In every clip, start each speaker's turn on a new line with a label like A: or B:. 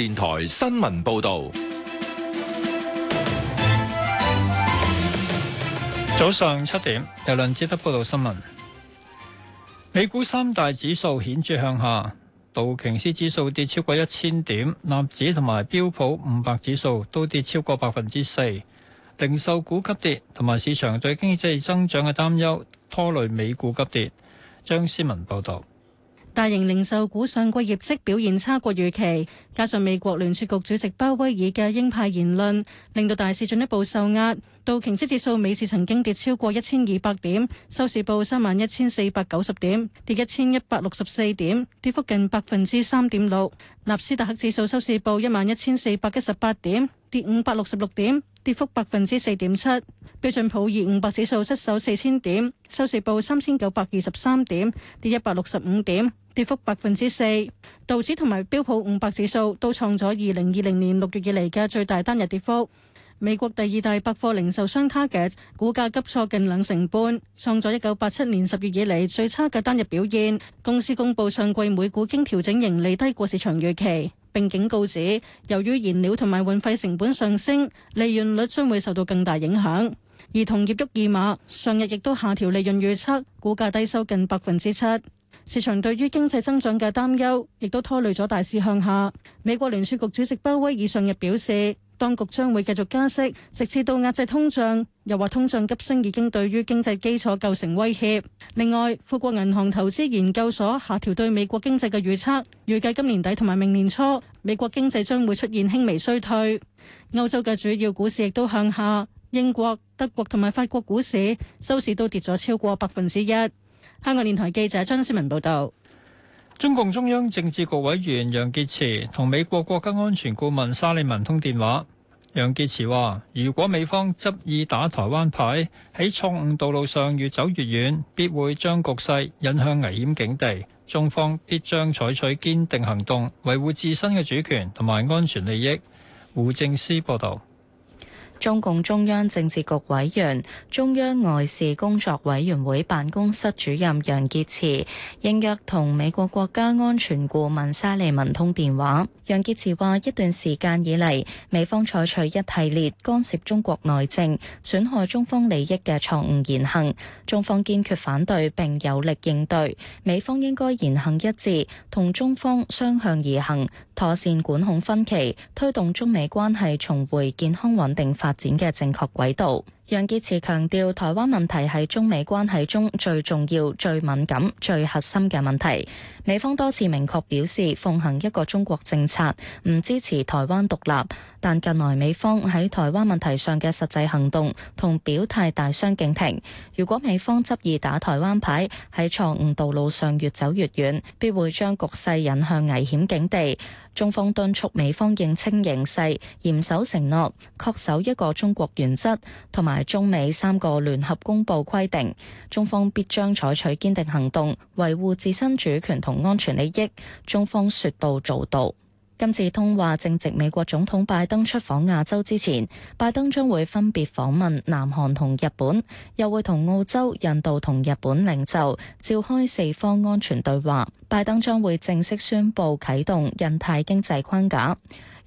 A: 電台新聞報道，早上七點，由梁志德報道新聞。美股三大指數顯著向下，道瓊斯指數跌超過一千點，納指同埋標普五百指數都跌超過百分之四。零售股急跌，同埋市場對經濟增長嘅擔憂拖累美股急跌。張思文報道。
B: 大型零售股上季業績表現差過預期，加上美國聯儲局主席鮑威爾嘅鷹派言論，令到大市進一步受壓。道瓊斯指數尾市曾經跌超過一千二百點，收市報三萬一千四百九十點，跌一千一百六十四點，跌幅近百分之三點六。納斯達克指數收市報一萬一千四百一十八點，跌五百六十六點，跌幅百分之四點七。標準普爾五百指數失守四千點，收市報三千九百二十三點，跌一百六十五點。跌幅百分之四，道指同埋標普五百指數都創咗二零二零年六月以嚟嘅最大單日跌幅。美國第二大百貨零售商 Target 股價急挫近兩成半，創咗一九八七年十月以嚟最差嘅單日表現。公司公布上季每股經調整盈利低過市場預期，並警告指由於燃料同埋運費成本上升，利潤率將會受到更大影響。而同業沃爾瑪上日亦都下調利潤預測，股價低收近百分之七。市場對於經濟增長嘅擔憂，亦都拖累咗大市向下。美國聯儲局主席鮑威爾上日表示，當局將會繼續加息，直至到壓制通脹。又話通脹急升已經對於經濟基礎構成威脅。另外，富國銀行投資研究所下調對美國經濟嘅預測，預計今年底同埋明年初，美國經濟將會出現輕微衰退。歐洲嘅主要股市亦都向下，英國、德國同埋法國股市收市都跌咗超過百分之一。香港電台記者張思文報道，
A: 中共中央政治局委員楊潔篪同美國國家安全顧問沙利文通電話。楊潔篪話，如果美方執意打台灣牌，喺錯誤道路上越走越遠，必會將局勢引向危險境地。中方必將採取堅定行動，維護自身嘅主權同埋安全利益。胡正思報道。
C: 中共中央政治局委員、中央外事工作委員會辦公室主任楊潔篪應約同美國國家安全顧問沙利文通電話，楊潔篪話，一段時間以嚟，美方採取一系列干涉中國內政、損害中方利益嘅錯誤言行，中方堅決反對並有力應對，美方應該言行一致，同中方相向而行。妥善管控分歧，推動中美關係重回健康穩定發展嘅正確軌道。楊潔篪強調，台灣問題係中美關係中最重要、最敏感、最核心嘅問題。美方多次明確表示奉行一個中國政策，唔支持台灣獨立，但近來美方喺台灣問題上嘅實際行動同表態大相徑庭。如果美方執意打台灣牌，喺錯誤道路上越走越遠，必會將局勢引向危險境地。中方敦促美方認清形勢，嚴守承諾，恪守一個中國原則，同埋中美三個聯合公報規定。中方必將採取堅定行動，維護自身主權同安全利益。中方說到做到。今次通話正值美國總統拜登出訪亞洲之前，拜登將會分別訪問南韓同日本，又會同澳洲、印度同日本領袖，召開四方安全對話。拜登將會正式宣布啟動印太經濟框架。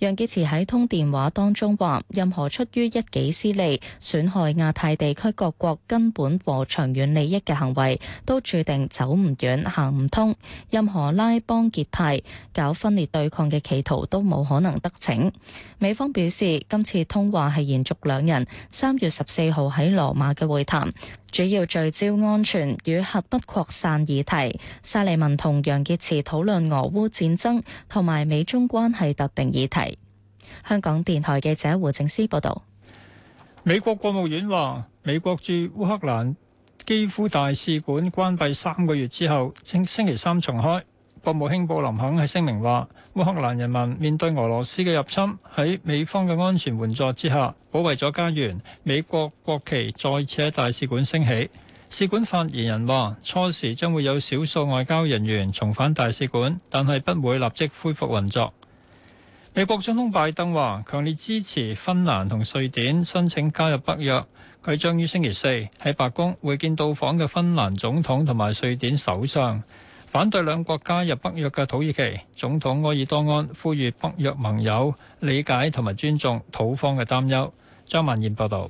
C: 楊潔篪喺通電話當中話：任何出於一己私利、損害亞太地區各國根本和長遠利益嘅行為，都注定走唔遠、行唔通。任何拉幫結派、搞分裂對抗嘅企圖，都冇可能得逞。美方表示，今次通話係延續兩人三月十四號喺羅馬嘅會談。主要聚焦安全與核不擴散議題，沙利文同楊潔篪討論俄烏戰爭同埋美中關係特定議題。香港電台記者胡靜思報道。
A: 美國國務院話，美國駐烏克蘭基夫大使館關閉三個月之後，正星期三重開。國務卿布林肯喺聲明話：烏克蘭人民面對俄羅斯嘅入侵，喺美方嘅安全援助之下，保衛咗家園。美國國旗再次喺大使館升起。使館發言人話：初時將會有少數外交人員重返大使館，但係不會立即恢復運作。美國總統拜登話：強烈支持芬蘭同瑞典申請加入北約。佢將於星期四喺白宮會見到訪嘅芬蘭總統同埋瑞典首相。反對兩國加入北約嘅土耳其總統埃爾多安呼籲北約盟友理解同埋尊重土方嘅擔憂。張文賢報導。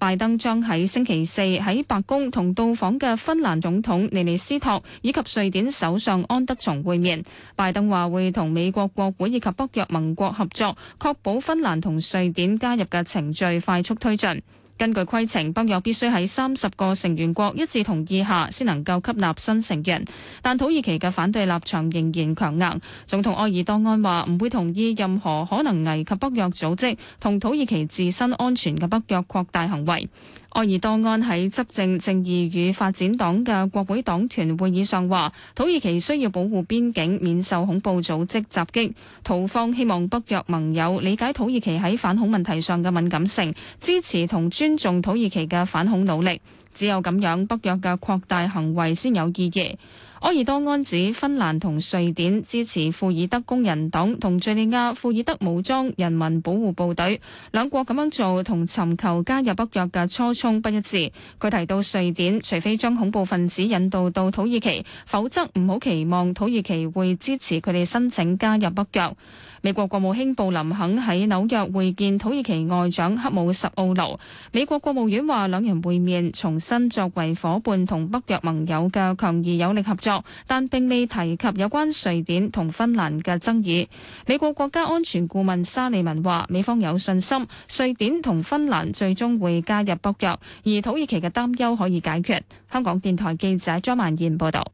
D: 拜登將喺星期四喺白宮同到訪嘅芬蘭總統尼尼斯托以及瑞典首相安德松會面。拜登話會同美國國會以及北約盟國合作，確保芬蘭同瑞典加入嘅程序快速推進。根據規程，北約必須喺三十個成員國一致同意下，先能夠吸納新成員。但土耳其嘅反對立場仍然強硬。總統愛爾多安話唔會同意任何可能危及北約組織同土耳其自身安全嘅北約擴大行為。愛爾多安喺執政正義與發展黨嘅國會黨團會議上話：土耳其需要保護邊境免受恐怖組織襲擊。土方希望北約盟友理解土耳其喺反恐問題上嘅敏感性，支持同尊尊重土耳其嘅反恐努力，只有咁樣北約嘅擴大行為先有意義。埃爾多安指芬蘭同瑞典支持庫爾德工人黨同敘利亞庫爾德武裝人民保護部隊，兩國咁樣做同尋求加入北約嘅初衷不一致。佢提到瑞典除非將恐怖分子引渡到土耳其，否則唔好期望土耳其會支持佢哋申請加入北約。美國國務卿布林肯喺紐約會見土耳其外長克武什奧盧。美國國務院話兩人會面，重新作為伙伴同北約盟友嘅強而有力合作，但並未提及有關瑞典同芬蘭嘅爭議。美國國家安全顧問沙利文話，美方有信心瑞典同芬蘭最終會加入北約，而土耳其嘅擔憂可以解決。香港電台記者張曼燕報道。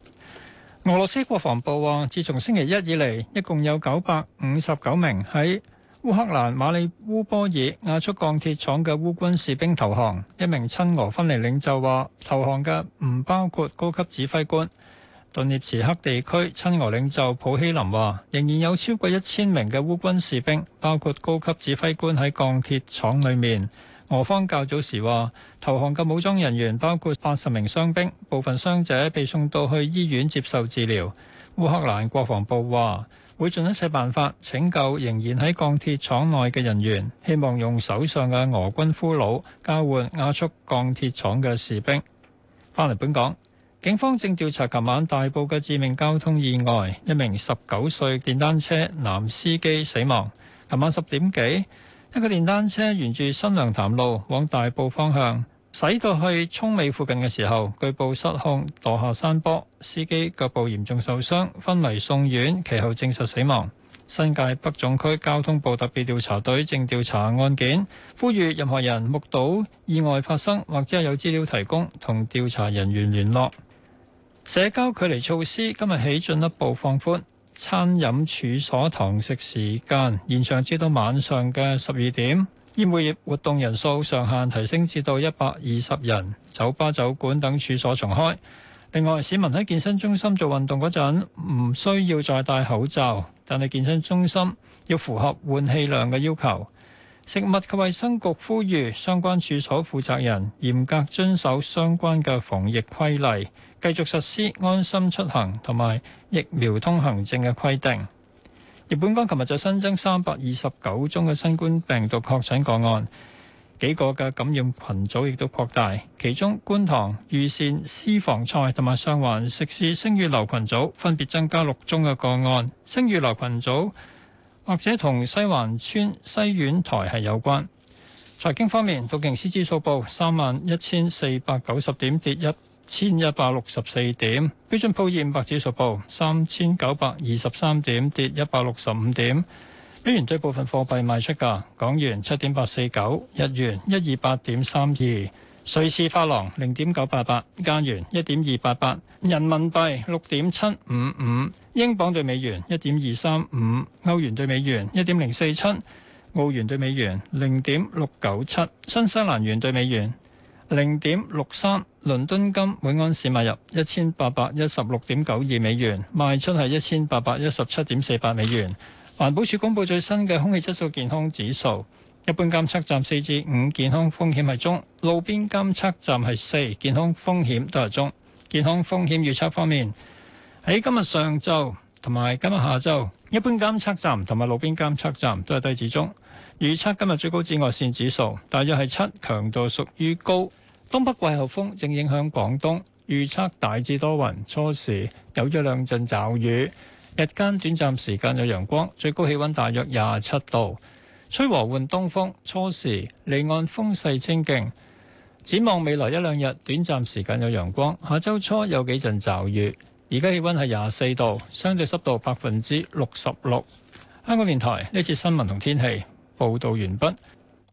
A: 俄羅斯國防部話，自從星期一以嚟，一共有九百五十九名喺烏克蘭馬里烏波爾亞速鋼鐵廠嘅烏軍士兵投降。一名親俄分離領袖話，投降嘅唔包括高級指揮官。頓涅茨克地區親俄領袖普希林話，仍然有超過一千名嘅烏軍士兵，包括高級指揮官喺鋼鐵廠裏面。俄方較早時話，投降嘅武裝人員包括八十名傷兵，部分傷者被送到去醫院接受治療。烏克蘭國防部話，會盡一切辦法拯救仍然喺鋼鐵廠內嘅人員，希望用手上嘅俄軍俘虜交換亞速鋼鐵廠嘅士兵。返嚟本港，警方正調查琴晚大埔嘅致命交通意外，一名十九歲電單車男司機死亡。琴晚十點幾，一個電單車沿住新娘潭路往大埔方向，駛到去涌尾附近嘅時候，據報失控墮下山坡，司機腳部嚴重受傷，昏迷送院，其後證實死亡。新界北總區交通部特別調查隊正調查案件，呼籲任何人目睹意外發生或者有資料提供，同調查人員聯絡。社交距離措施今日起進一步放寬。餐飲處所堂食時間延長至到晚上嘅十二點，醫務業活動人數上限提升至到一百二十人，酒吧、酒館等處所重開。另外，市民喺健身中心做運動嗰陣唔需要再戴口罩，但係健身中心要符合換氣量嘅要求。食物及衞生局呼籲相關處所負責人嚴格遵守相關嘅防疫規例，繼續實施安心出行同埋疫苗通行證嘅規定。而本港琴日就新增三百二十九宗嘅新冠病毒確診個案，幾個嘅感染群組亦都擴大，其中觀塘、裕善私房菜同埋上環食肆星月樓群組分別增加六宗嘅個案，星月樓群組。或者同西環村西苑台係有關。財經方面，道瓊斯指數報三萬一千四百九十點，跌一千一百六十四點。標準普爾五百指數報三千九百二十三點，跌一百六十五點。美元兌部分貨幣賣出價：港元七點八四九，日元一二八點三二。瑞士法郎零點九八八，加元一點二八八，人民幣，六點七五五，英鎊兌美元一點二三五，歐元兌美元一點零四七，澳元兌美元零點六九七，新西蘭元兌美元零點六三。倫敦金每安士買入一千八百一十六點九二美元，賣出係一千八百一十七點四八美元。環保署公布最新嘅空氣質素健康指數。一般監測站四至五，5，健康風險係中；路邊監測站係四，健康風險都係中。健康風險預測方面，喺今日上晝同埋今日下晝，一般監測站同埋路邊監測站都係低至中。預測今日最高紫外線指數大約係七，強度屬於高。東北季候風正影響廣東，預測大致多雲，初時有咗兩陣驟雨，日間短暫時間有陽光，最高氣温大約廿七度。吹和緩東風，初時離岸風勢清勁。展望未來一兩日，短暫時間有陽光。下周初有幾陣驟雨。而家氣温係廿四度，相對濕度百分之六十六。香港電台呢節新聞同天氣報導完畢。